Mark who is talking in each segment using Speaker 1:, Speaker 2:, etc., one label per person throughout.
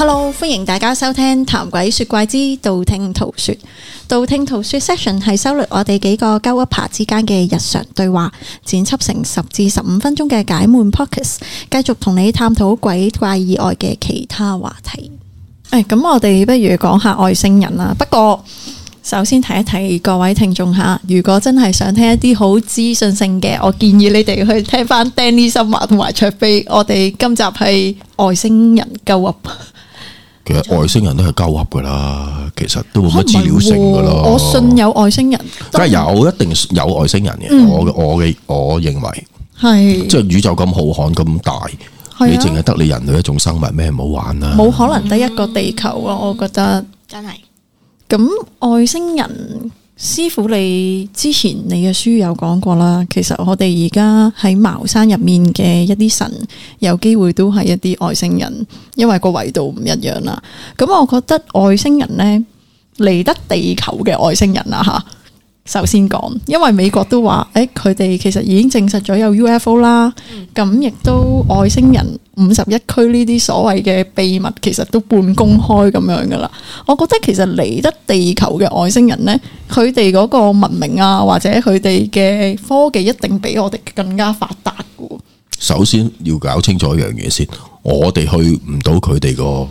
Speaker 1: Hello，歡迎大家收聽《談鬼說怪之道聽徒說》，道聽徒說，道聽徒說 section 係收錄我哋幾個 9up 噏之間嘅日常對話，剪輯成十至十五分鐘嘅解悶 pockets，繼續同你探討鬼怪以外嘅其他話題。誒、哎，咁我哋不如講下外星人啦。不過首先提一提各位聽眾吓，如果真係想聽一啲好資訊性嘅，我建議你哋去聽翻 Danny 新聞同埋卓飛。我哋今集係外星人 9up。
Speaker 2: 外星人都係鳩噏噶啦，其實都冇乜資料性噶啦。我信
Speaker 1: 有外星人，梗係有，
Speaker 2: 一定有外星人嘅。我嘅我嘅我認為係，即係宇宙咁浩瀚咁大，你淨係得你人類一種生物咩？唔好玩啦，
Speaker 1: 冇可能得一個地球啊！我覺得真係咁外星人。師傅，你之前你嘅書有講過啦，其實我哋而家喺茅山入面嘅一啲神，有機會都係一啲外星人，因為個維度唔一樣啦。咁我覺得外星人呢，嚟得地球嘅外星人啊吓。首先講，因為美國都話，誒，佢哋其實已經證實咗有 UFO 啦，咁亦都外星人五十一區呢啲所謂嘅秘密，其實都半公開咁樣噶啦。我覺得其實嚟得地球嘅外星人呢，佢哋嗰個文明啊，或者佢哋嘅科技一定比我哋更加發達噶。
Speaker 2: 首先要搞清楚一樣嘢先，我哋去唔到佢哋個。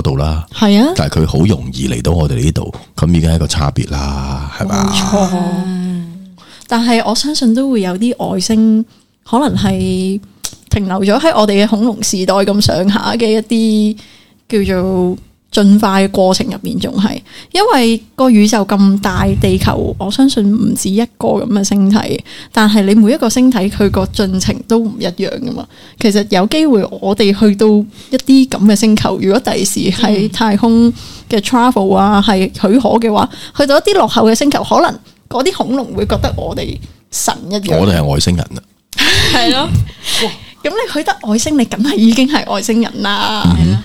Speaker 2: 度啦，係啊，但係佢好容易嚟到我哋呢度，咁已經係一個差別啦，係咪
Speaker 1: 啊錯？吧但係我相信都會有啲外星可能係停留咗喺我哋嘅恐龍時代咁上下嘅一啲叫做，進化嘅過程入面仲係，因為個宇宙咁大，地球我相信唔止一個咁嘅星體，但係你每一個星體佢個進程都唔一樣噶嘛。其實有機會我哋去到一啲咁嘅星球，如果第時喺太空嘅 travel 啊，係許可嘅話，去到一啲落後嘅星球，可能嗰啲恐龍會覺得我哋神一樣，我哋
Speaker 2: 係外星人啊
Speaker 1: 了，係咯哇。咁你去得外星，你梗係已經係外星人啦。嗯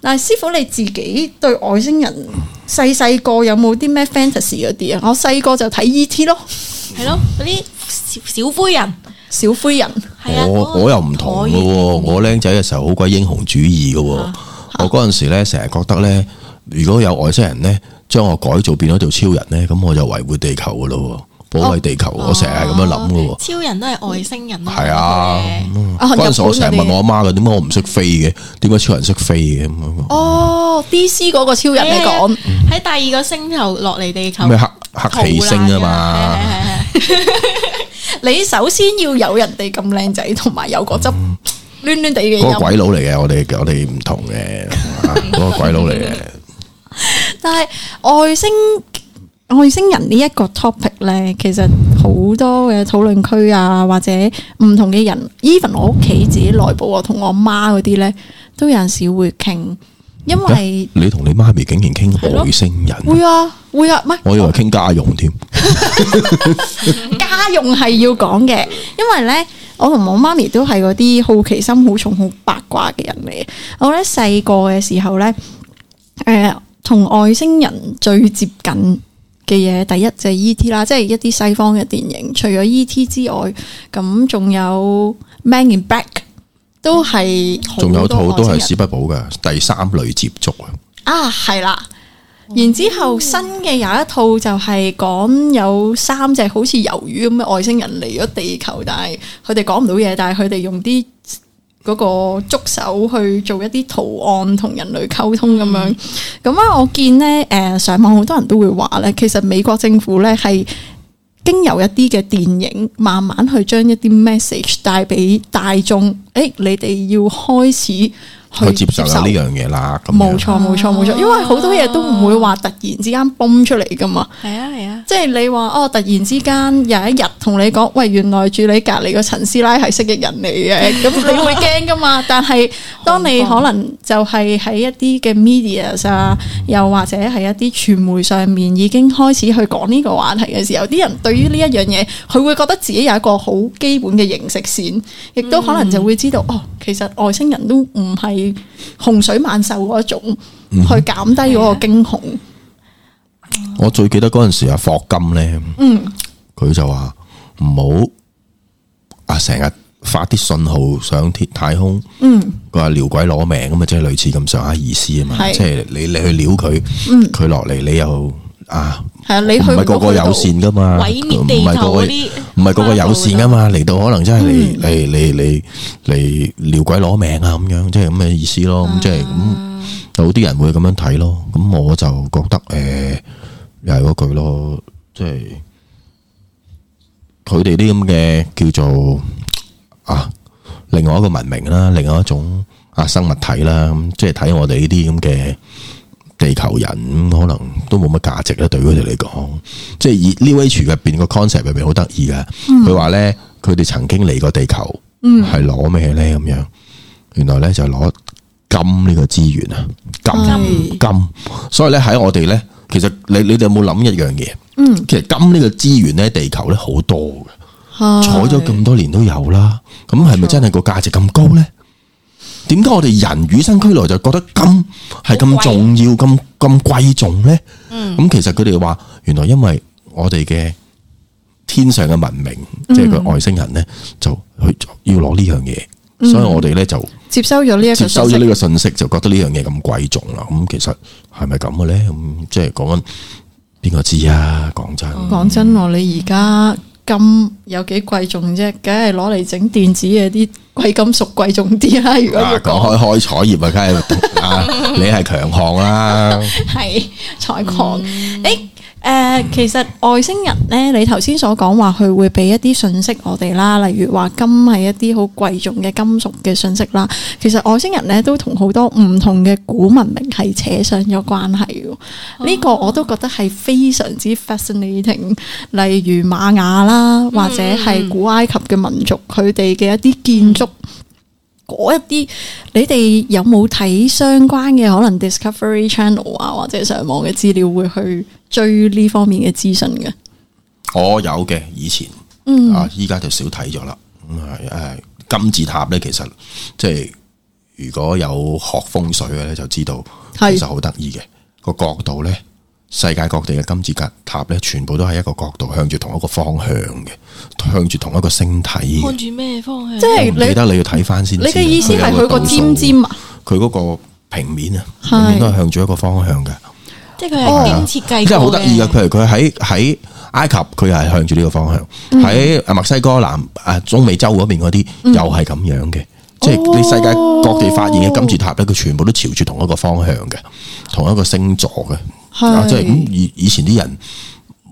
Speaker 1: 嗱，師傅你自己對外星人細細個有冇啲咩 fantasy 嗰啲啊？我細個就睇 E.T. 咯，係咯嗰啲小灰人，小灰人。
Speaker 2: 灰人我我又唔同嘅，言我僆仔嘅時候好鬼英雄主義嘅，啊啊、我嗰陣時咧成日覺得咧，如果有外星人咧將我改造變咗做超人咧，咁我就維護地球嘅咯，保衛地球，啊、我成日係咁樣諗嘅、啊。
Speaker 3: 超人都係外星人。係啊、嗯。嗰陣時我成日問我阿
Speaker 2: 媽嘅，點解我唔識飛嘅？點解超人識飛嘅咁？
Speaker 3: 哦，D C 嗰個超人你講，喺第二個星球落嚟地球，咩黑黑氣
Speaker 2: 星啊嘛？
Speaker 1: 你首先要有人哋咁靚仔，同埋有個執亂亂地嘅。嗰個鬼
Speaker 2: 佬嚟嘅，我哋我哋唔同嘅，嗰個鬼佬嚟嘅。
Speaker 1: 但係外星。外星人呢一個 topic 咧，其實好多嘅討論區啊，或者唔同嘅人，even 我屋企自己內部啊，同我媽嗰啲咧，都有陣時會傾，因為、
Speaker 2: 啊、你同你媽咪竟然傾外星人
Speaker 1: 會啊會啊，唔係、啊、
Speaker 2: 我以為傾家用添，
Speaker 1: 家用係要講嘅，因為咧我同我媽咪都係嗰啲好奇心好重、好八卦嘅人嚟。我咧細個嘅時候咧，誒、呃，同外星人最接近嘅嘢，第一就係 E.T. 啦，即係一啲西方嘅電影。除咗 E.T. 之外，咁仲有 Man in Black 都係，仲有套都係
Speaker 2: 史不保嘅第三類接觸啊。
Speaker 1: 啊，係啦。然之後新嘅有一套就係講有三隻好似魷魚咁嘅外星人嚟咗地球，但係佢哋講唔到嘢，但係佢哋用啲。嗰個觸手去做一啲圖案同人類溝通咁、嗯、樣，咁啊我見呢，誒上網好多人都會話呢，其實美國政府呢係經由一啲嘅電影，慢慢去將一啲 message 帶俾大眾。誒、欸，你哋要開始。去接受呢樣嘢啦，冇錯冇錯冇錯，因為好多嘢都唔會話突然之間崩出嚟噶嘛。係啊係啊，啊即係你話哦，突然之間有一日同你講，喂，原來住你隔籬個陳師奶係蜥蜴人嚟嘅，咁 你會驚噶嘛？ 但係當你可能就係喺一啲嘅 media 啊，又或者係一啲傳媒上面已經開始去講呢個話題嘅時候，啲人對於呢一樣嘢，佢會覺得自己有一個好基本嘅認識線，亦都可能就會知道哦，其實外星人都唔係。洪水猛獸嗰一種，嗯，去減低嗰個驚恐。
Speaker 2: 我最記得嗰陣時阿霍金咧，嗯，佢就話唔好，阿成日發啲信號上天太空，嗯，佢話撩鬼攞命咁啊，即係類似咁上下意思啊嘛，是即係你你去撩佢，佢落嚟你又。啊，
Speaker 1: 係啊，你去唔係個個友
Speaker 2: 善噶嘛？唔係個個唔係個個友善噶嘛？嚟到可能真係嚟嚟嚟嚟嚟撩鬼攞命啊！咁樣即係咁嘅意思咯。咁即係咁，有啲人會咁樣睇咯。咁我就覺得誒，又係嗰句咯，即係佢哋啲咁嘅叫做啊，另外一個文明啦，另外一種啊生物體啦，咁即係睇我哋呢啲咁嘅。地球人可能都冇乜價值啦，對於佢哋嚟講， 即係以 New Age 入邊個 concept 入邊好得意啊！佢話咧，佢哋曾經嚟過地球，係攞咩咧咁樣？原來咧就攞金呢個資源啊，金是金，所以咧喺我哋咧，其實你你哋有冇諗一樣嘢？嗯，其實金呢個資源咧，地球咧好多嘅，
Speaker 3: 是採咗咁
Speaker 2: 多年都有啦，咁係咪真係個價值咁高咧？點解我哋人與生俱來就覺得金係咁重要咁咁貴重咧？咁、嗯、其實佢哋話，原來因為我哋嘅天上嘅文明，即係佢外星人咧，就去要攞呢樣嘢，嗯、
Speaker 1: 所以我哋咧就接收咗呢一接收咗呢個，個
Speaker 2: 信息，就覺得呢樣嘢咁貴重啦。咁、嗯、其實係咪咁嘅咧？咁即係講緊邊個知啊？講
Speaker 1: 真，講、嗯、真，我你而家。金有幾貴重啫，梗係攞嚟整電子嘅啲貴金屬貴重啲啦。如果
Speaker 2: 講、啊、開開採業 啊，梗係你係強項啦，
Speaker 1: 係採礦誒。其實外星人咧，你頭先所講話佢會俾一啲信息我哋啦，例如話金係一啲好貴重嘅金屬嘅信息啦。其實外星人咧都同好多唔同嘅古文明係扯上咗關係嘅，呢個，哦，我都覺得係非常之 fascinating。例如瑪雅啦，或者係古埃及嘅民族，佢哋嘅一啲建築。嗯嗯嗰一啲，你哋有冇睇相關嘅可能 Discovery Channel 啊，或者上網嘅資料會去追呢方面嘅資訊
Speaker 3: 嘅？
Speaker 2: 我有嘅，以前，啊、嗯，依家就少睇咗啦。咁係誒，金字塔咧，其實即係如果有學風水嘅咧，就知道其實好得意嘅個角度咧。世界各地嘅金字塔咧，全部都係一個角度向住同一個方向嘅，向住同一個星體。向
Speaker 3: 住咩方
Speaker 1: 向？即係你記得
Speaker 2: 你要睇翻先。你嘅意思係佢個尖尖啊？佢嗰個平面啊，是平面都係向住一個方向嘅，
Speaker 3: 啊，即係佢係點設計？即係好得意嘅。譬
Speaker 2: 如佢喺喺埃及，佢係向住呢個方向；喺、嗯、墨西哥南啊中美洲嗰邊嗰啲，又係咁樣嘅。即係你世界各地發現嘅金字塔咧，佢全部都朝住同一個方向嘅，同一個星座嘅。
Speaker 3: 即係咁，
Speaker 2: 以以前啲人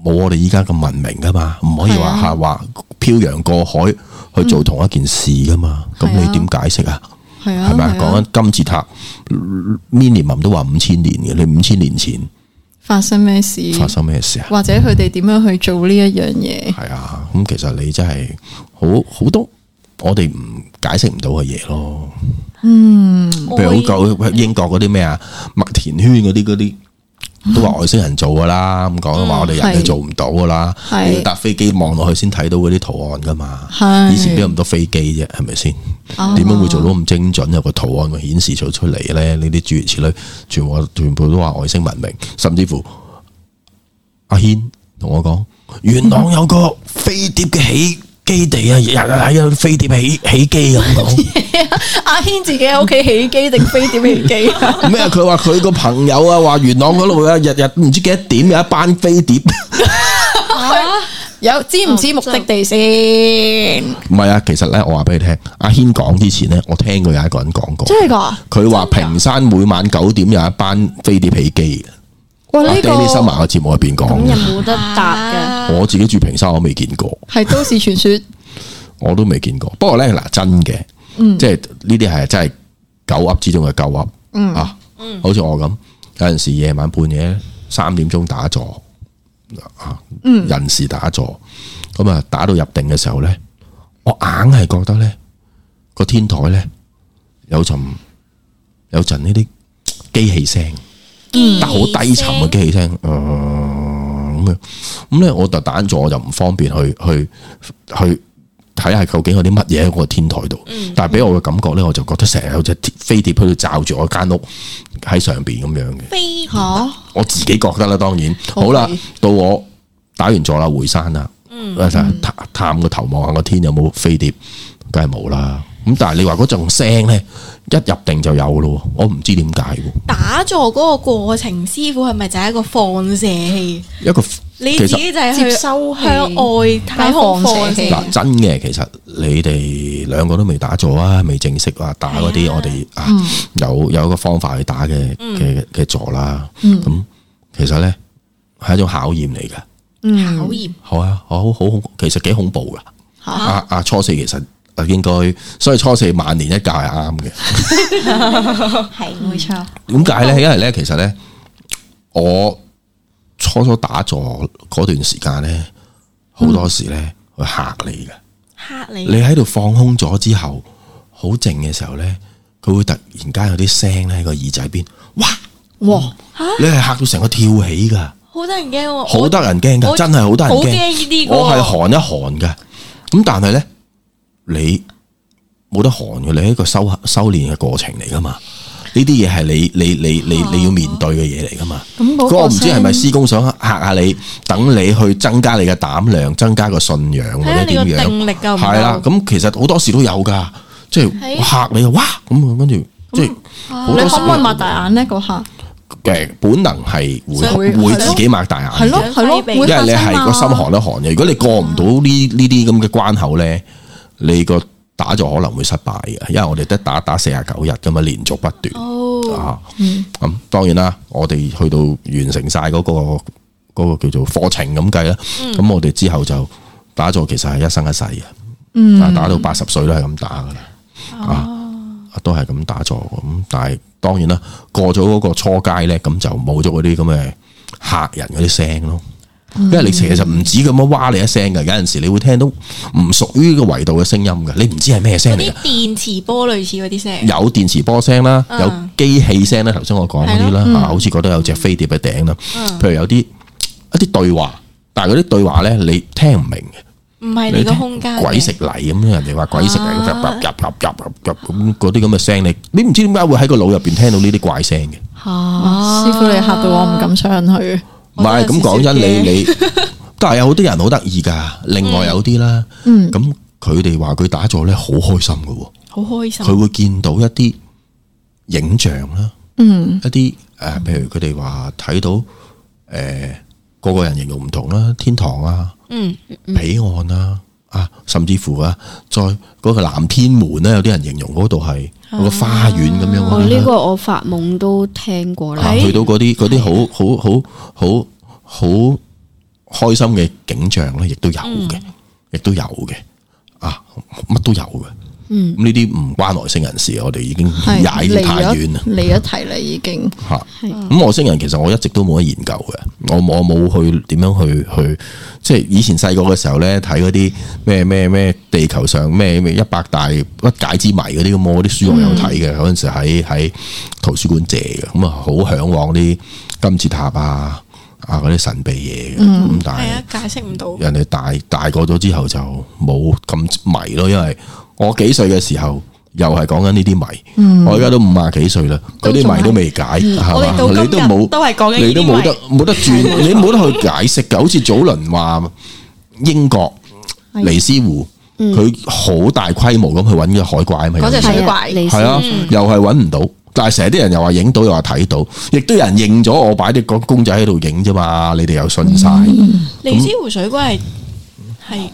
Speaker 2: 冇我哋依家咁文明噶嘛，唔可以話下話漂洋過海去做同一件事噶嘛。咁你點解釋啊？
Speaker 3: 係啊，係咪講緊
Speaker 2: 金字塔？minimum 都話五千年嘅，你五千年前
Speaker 1: 發生咩事？發
Speaker 2: 生咩事啊？或
Speaker 1: 者佢哋點樣去做呢一樣嘢？係、嗯、啊，
Speaker 2: 咁其實你真係好好多我哋唔解釋唔到嘅嘢咯。嗯，
Speaker 3: 譬如好舊
Speaker 2: 英國嗰啲咩啊麥田圈啲嗰啲。都話外星人做噶啦，咁講嘅話我哋人係做唔到噶啦，是你要搭飛機望落去先睇到嗰啲圖案噶嘛。以前邊有咁多飛機啫，啊，係咪先？
Speaker 3: 點樣，哦、會做到
Speaker 2: 咁精準有個圖案顯，顯示咗出嚟咧？呢啲諸如此類，全部全部都話外星文明，甚至乎阿軒同我講，元朗有個飛碟嘅起。嗯嗯基地啊，日日喺個飛碟起起機咁講。
Speaker 1: 阿軒、 啊、自己喺屋企起機定飛碟起機啊？咩？ 佢
Speaker 2: 話佢個朋友啊，話元朗嗰度啊，日日唔知幾多點有一班飛碟，
Speaker 1: 有知唔知目的地先？
Speaker 2: 唔係、嗯、啊，其實咧，我話俾你聽，阿軒講之前咧，我聽過有一個人講過，真係噶？佢話平山每晚九點有一班飛碟起機。
Speaker 1: 我呢個新聞
Speaker 2: 嘅節目係邊個？港人
Speaker 1: 冇得答嘅。啊、
Speaker 2: 我自己住平山，我未見過。係
Speaker 1: 都市傳說，
Speaker 2: 我都未見過。不過咧，嗱真嘅，嗯、即係呢啲係真係狗噏之中嘅狗噏。
Speaker 1: 嗯、啊，
Speaker 2: 好似我咁，有陣時夜晚半夜三點鐘打坐、嗯、
Speaker 3: 人
Speaker 2: 事打坐，咁啊打到入定嘅時候咧，我硬係覺得咧個天台咧有陣有陣呢啲機器聲。好低沉嘅機器聲，咁、呃、樣咁咧，我就打完坐我就唔方便去去去睇下究竟有啲乜嘢喺我個天台度。嗯、但係俾我嘅感覺咧，我就覺得成日有隻飛碟喺度罩住我間屋喺上邊咁樣
Speaker 3: 嘅。飛
Speaker 2: 我自己覺得啦，當然好啦。到我打完坐啦，回山啦，探個頭望下個天有冇飛碟，梗係冇啦。咁但係你話嗰種聲咧，一入定就有咯，我唔知點解。
Speaker 3: 打坐嗰個過程，師傅係咪就係一個放射器？
Speaker 2: 一個，其實你自
Speaker 3: 己就係接收向外太空放射器。嗱、嗯，
Speaker 2: 真、嗯、嘅，嗯、其實你哋兩個都未打坐打啊，未正式啊，打嗰啲我哋啊有有一個方法去打嘅嘅嘅坐啦。咁、嗯嗯、其實咧係一種考驗嚟㗎，考
Speaker 3: 驗、嗯。
Speaker 2: 好，驗好啊，好好好，其實幾恐怖噶。啊好啊，初四其實。啊，應該所以初四萬年一教係啱嘅，
Speaker 3: 係冇錯。
Speaker 2: 點解咧？因為咧，其實咧，我初初打坐嗰段時間咧，好多時咧，佢吓、嗯、你嘅，吓你。你喺度放空咗之後，好靜嘅時候咧，佢會突然間有啲聲咧喺個耳仔邊，哇
Speaker 3: 哇你係嚇
Speaker 2: 到成個跳起噶，好得人
Speaker 3: 驚，好得人驚嘅，真係好得人驚。我係我
Speaker 2: 寒一寒嘅，咁但係咧。你冇得寒嘅，你係一個修修練嘅過程嚟噶嘛？呢啲嘢係你你你你你要面對嘅嘢嚟噶嘛？
Speaker 3: 咁我唔知係咪師
Speaker 2: 公想嚇下你，等你去增加你嘅膽量，增加個信仰或者點樣？
Speaker 3: 係啦，
Speaker 2: 咁其實好多時都有噶，即係嚇你啊！哇，咁跟住即
Speaker 1: 係你可唔可以擘大眼咧？嗰下
Speaker 2: 誒，本能係會會自己擘大眼，係咯係咯，因為你係個心寒得寒嘅。如果你過唔到呢呢啲咁嘅關口咧，你個打坐可能會失敗嘅，因為我哋得打打四十九日噶嘛，連續不斷、哦、啊。咁、嗯、當然啦，我哋去到完成晒嗰、嗰個、嗰個叫做課程咁計啦。咁、嗯、我哋之後就打坐其實係一生一世嘅，啊、嗯、打到八十歲都係咁打噶啦，哦、啊都係咁打坐咁。但係當然啦，過咗嗰個初階咧，咁就冇咗嗰啲咁嘅嚇人嗰啲聲咯。
Speaker 3: 嗯、因為你其實唔
Speaker 2: 止咁樣哇，你一聲㗎，有陣時你會聽到唔屬於個維度嘅聲音嘅，你唔知係咩聲嚟㗎！電
Speaker 3: 磁波類似嗰啲聲，
Speaker 2: 有電磁波聲啦，嗯、有機器聲啦。頭先我講嗰啲啦，嗯、好似覺得有隻飛碟嘅頂啦，嗯、譬如有啲一啲對話，但係嗰啲對話咧，你聽唔明
Speaker 3: 嘅。唔係
Speaker 2: 你個空間，鬼食泥咁樣，人哋話鬼食泥，啊、入入入咁嗰啲咁嘅聲咧，你唔知點解會喺個腦入邊聽到呢啲怪聲嘅。吓、
Speaker 1: 啊，師傅你吓到我唔敢上去。
Speaker 2: 唔係咁講真， 你、你，但係有好多人好得意噶。另外有啲啦，咁佢哋話佢打坐咧好開心噶，好開
Speaker 3: 心。佢會
Speaker 2: 見到一啲影像啦，嗯，一啲誒，譬如佢哋話睇到誒個、呃、個人形容唔同啦，天堂啊，嗯，嗯，彼岸啊。啊、甚至乎啊，在嗰、那個藍天門咧，有啲人形容嗰度係個花園咁樣。呢、啊啊、個
Speaker 3: 我發夢都聽過啦。啊、去到
Speaker 2: 嗰啲嗰啲好好好好好開心嘅景象咧，亦、嗯、都有嘅，亦、啊、都有嘅，啊乜都有嘅。呢啲唔關外星人事，我哋已經踩得太遠啦，離
Speaker 1: 咗題啦已經。吓，係，咁
Speaker 2: 外星人其實我一直都冇乜研究嘅，我我冇去點樣去去，即係以前細個嘅時候咧睇嗰啲咩咩咩地球上咩咩一百大不解之謎嗰啲咁，我啲書我有睇嘅，嗰陣時喺喺圖書館借嘅，咁啊好向往啲金字塔啊啊嗰啲神秘嘢嘅。嗯，係啊、嗯，
Speaker 3: 解釋唔到。人
Speaker 2: 哋大大個咗之後就冇咁迷咯，因為。我幾歲嘅時候又係講緊呢啲謎，我而家都五廿幾歲啦，嗰啲謎都未解，係嘛？你都冇，都係講緊，你都冇得冇得轉，你冇得去解釋嘅。好似早輪話英國尼斯湖，佢好大規模咁去搵個海怪咪，嗰隻海怪係啊，又係搵唔到，但係成日啲人又話影到又話睇到，亦都有人認咗我擺啲個公仔喺度影啫嘛，你哋又信晒
Speaker 3: 尼斯湖水怪係係。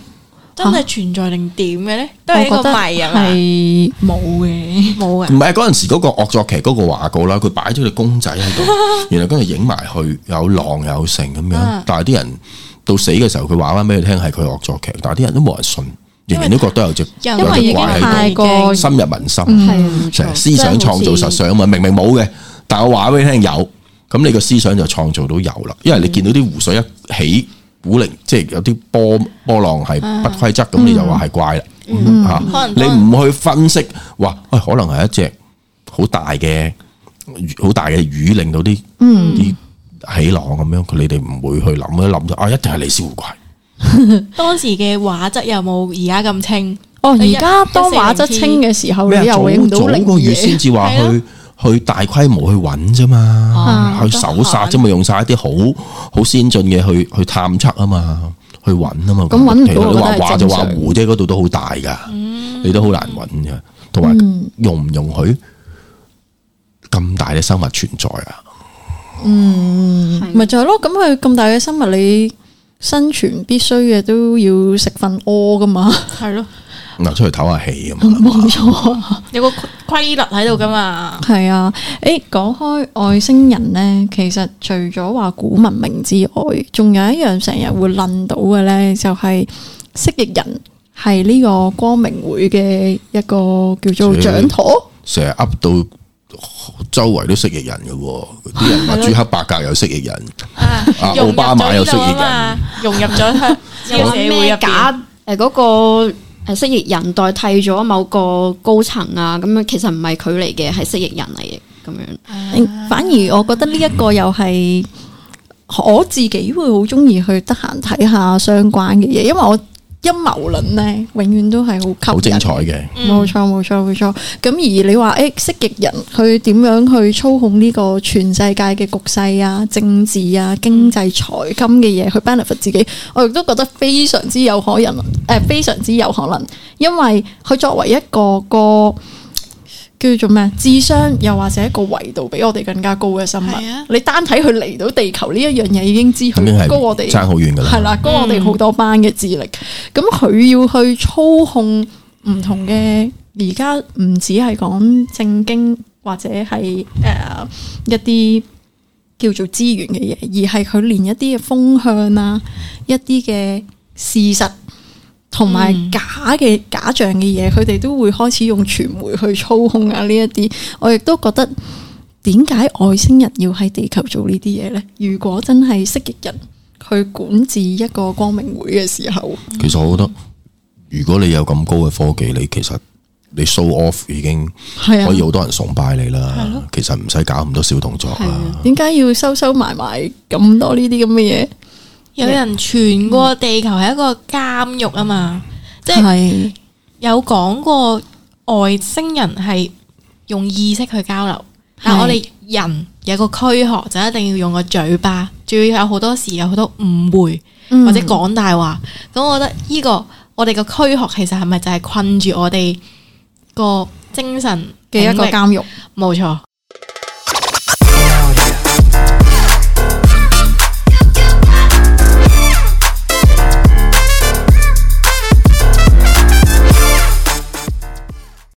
Speaker 3: 真係存在定點嘅咧？都係一個謎啊！係冇嘅，冇嘅。唔
Speaker 2: 係嗰陣時嗰個惡作劇嗰個話過啦，佢擺咗隻公仔喺度，原來跟住影埋去有浪有成咁樣。但係啲人到死嘅時候，佢話翻俾你聽係佢惡作劇，但係啲人都冇人信，人為人都覺得有隻為有隻怪喺度。因為已經太過深入民心，成、嗯、思想創造實相啊嘛，明明冇嘅，但係我話俾你聽有，咁你個思想就創造到有啦。因為你見到啲湖水一起。古零即係有啲波波浪係不規則，咁、嗯、你就話係怪啦吓。你唔去分析，哇，誒、哎，可能係一隻好大嘅好大嘅魚令到啲嗯啲起浪咁樣。佢你哋唔會去諗，諗就：「啊，一定係你先會怪
Speaker 3: 當時嘅畫質有冇而家咁清？哦，而家當畫質清嘅時候，哦、你又影唔
Speaker 2: 到兩個月先至話去。去大規模去揾啫嘛，去搜殺啫嘛，用晒一啲好好先進嘅去去探測啊嘛，去揾啊嘛。咁揾唔到都係正常。話就話湖啫，嗰度都好大噶，嗯、你都好難揾嘅。同埋容唔容許咁大嘅生物存在啊？
Speaker 1: 嗯，咪就係咯。咁佢咁大嘅生物，你生存必須嘅都要食瞓屙噶嘛。係
Speaker 3: 咯。
Speaker 2: 嗱，出去唞下氣咁啊，
Speaker 3: 冇錯，有個規律喺度噶嘛。
Speaker 1: 係啊，誒，講開外星人咧，其實除咗話古文明之外，仲有一樣成日會諗到嘅咧，就係蜥蜴人係呢個光明會嘅一個叫做掌舵。
Speaker 2: 成日 up 到周圍都蜥蜴人嘅，啲人話朱克伯格有蜥蜴人，奧巴馬有蜥蜴人，
Speaker 3: 融入咗社會入邊誒嗰個。係蜥蜴人代替咗某個高層啊，咁樣其實唔係佢嚟嘅，係蜥蜴人嚟嘅咁樣。Uh, 反而我覺得呢一個又係
Speaker 1: 我自己會好中意去得閒睇下相關嘅嘢，因為我。陰謀論咧，永遠都係好吸引，好精彩嘅，冇錯冇錯冇錯。咁、嗯、而你話誒，蜥蜴人去點樣去操控呢個全世界嘅局勢啊、政治啊、經濟、財金嘅嘢去 benefit 自己，我亦都覺得非常之有可能，誒、呃，非常之有可能，因為佢作為一個一個。叫做咩？智商又或者一個維度比我哋更加高嘅生物，啊、你單睇佢嚟到地球呢一樣嘢，已經知佢高我哋差好遠㗎啦。係啦，高我哋好多班嘅智力。咁佢、嗯、要去操控唔同嘅，呃，而家唔止係講正經或者係誒一啲叫做資源嘅嘢，而係佢連一啲嘅風向啊，一啲嘅事實。同埋假嘅假象嘅嘢，佢哋都會開始用傳媒去操控啊！呢一啲，我亦都覺得點解外星人要喺地球做呢啲嘢呢？如果真係蜥蜴人去管治一個光明會嘅時候，其
Speaker 2: 實我覺得，如果你有咁高嘅科技，你其實你 show off 已經可以好多人崇拜你啦。的其實唔使搞咁多小動作啊！
Speaker 1: 點解要收收埋埋咁多呢啲咁嘅嘢？
Speaker 3: 有人傳過地球係一個監獄啊嘛，是即係有講過外星人係用意識去交流，是但我哋人有個軀殼就一定要用個嘴巴，仲要有好多時有好多誤會或者講大話，咁、嗯、我覺得呢、這個我哋個軀殼其實係咪就係困住我哋個精神嘅一個監獄？冇錯。